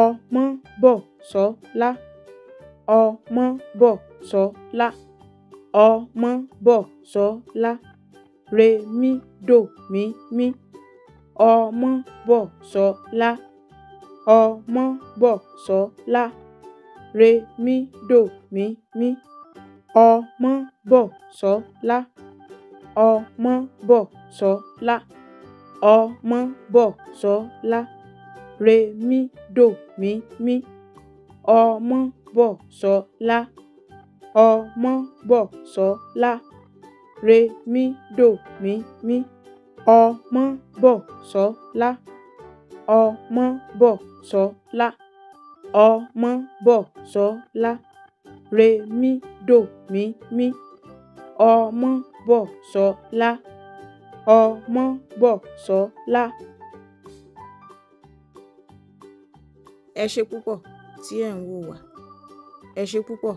Ọmọ́bọ̀sọ́lá Ọmọ́bọ̀sọ́lá Ọmọ́bọ̀sọ́lá Remídòmímí Ọmọ́bọ̀sọ́lá Ọmọ́bọ̀sọ́lá Remídòmímí Ọmọ́bọ̀sọ́lá Ọmọ́bọ̀sọ́lá Ọmọ́bọ̀sọ́lá re mi, do mi mi, ọmọ bọ̀ sọ́lá ọmọ bọ̀ sọ́lá re mi dò mí mi ọmọ bọ̀ sọ́lá ọmọ bọ̀ sọ́lá ọmọ bọ̀ sọ́lá re mí dò mi, mí ọmọ bọ̀ sọ́lá ọmọ bọ̀ sọ́lá. ẹ ṣé púpọ̀ tí ẹ̀ ń wò wá ẹ ṣé púpọ̀